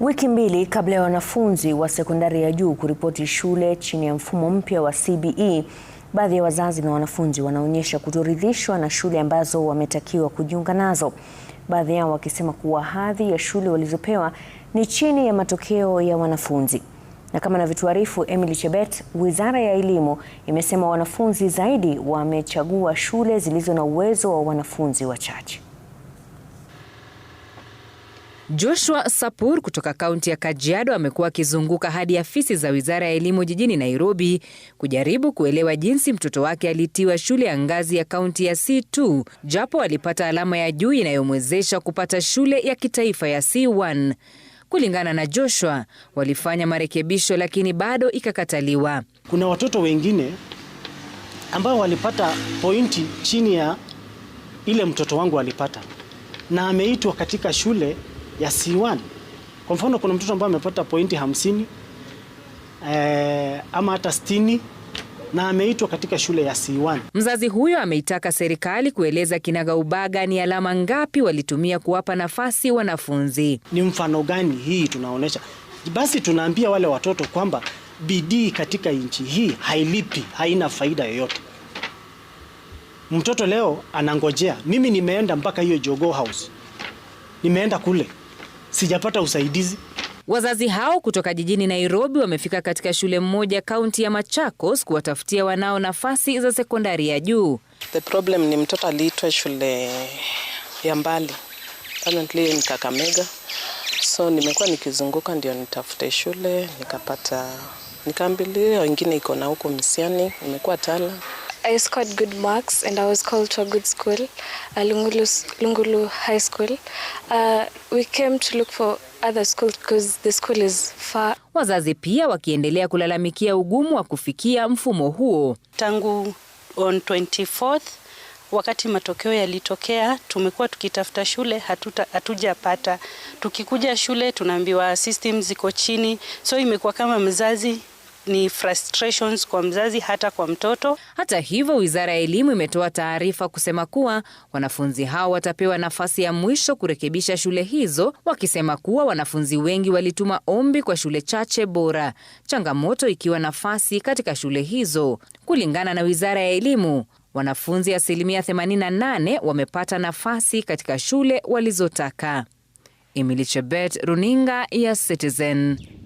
Wiki mbili kabla ya wanafunzi wa sekondari ya juu kuripoti shule chini ya mfumo mpya wa CBE, baadhi ya wazazi na wanafunzi wanaonyesha kutoridhishwa na shule ambazo wametakiwa kujiunga nazo, baadhi yao wakisema kuwa hadhi ya shule walizopewa ni chini ya matokeo ya wanafunzi. Na kama anavyotuarifu Emily Chebet, Wizara ya Elimu imesema wanafunzi zaidi wamechagua shule zilizo na uwezo wa wanafunzi wachache. Joshua Sapur kutoka kaunti ya Kajiado amekuwa akizunguka hadi afisi za wizara ya elimu jijini Nairobi kujaribu kuelewa jinsi mtoto wake alitiwa shule ya ngazi ya kaunti ya C2 japo alipata alama ya juu inayomwezesha kupata shule ya kitaifa ya C1. Kulingana na Joshua, walifanya marekebisho lakini bado ikakataliwa. Kuna watoto wengine ambao walipata pointi chini ya ile mtoto wangu alipata na ameitwa katika shule ya C1. Kwa mfano kuna mtoto ambaye amepata pointi hamsini eh, ama hata sitini na ameitwa katika shule ya C1. Mzazi huyo ameitaka serikali kueleza kinagaubaga ni alama ngapi walitumia kuwapa nafasi wanafunzi. Ni mfano gani hii tunaonesha? Basi tunaambia wale watoto kwamba bidii katika nchi hii hailipi, haina faida yoyote. Mtoto leo anangojea, mimi nimeenda mpaka hiyo Jogoo House, nimeenda kule sijapata usaidizi. Wazazi hao kutoka jijini Nairobi wamefika katika shule mmoja kaunti ya Machakos kuwatafutia wanao nafasi za sekondari ya juu. The problem ni mtoto aliitwa shule ya mbali apparently ni Kakamega, so nimekuwa nikizunguka ndio nitafute shule nikapata, nikaambilia wengine iko na huko Misiani, imekuwa Tala. I scored good marks and I was called to a good school, uh, Lungulu, Lungulu High School. Uh, we came to look for other schools because the school is far. Wazazi pia wakiendelea kulalamikia ugumu wa kufikia mfumo huo. Tangu on 24th wakati matokeo yalitokea, tumekuwa tukitafuta shule hatuta, hatujapata. Tukikuja shule tunaambiwa system ziko chini, so imekuwa kama mzazi ni frustrations kwa mzazi hata kwa mtoto. Hata hivyo, Wizara ya Elimu imetoa taarifa kusema kuwa wanafunzi hao watapewa nafasi ya mwisho kurekebisha shule hizo, wakisema kuwa wanafunzi wengi walituma ombi kwa shule chache bora, changamoto ikiwa nafasi katika shule hizo. Kulingana na Wizara ya Elimu, wanafunzi asilimia 88 wamepata nafasi katika shule walizotaka. Emily Chebet, Runinga ya Citizen.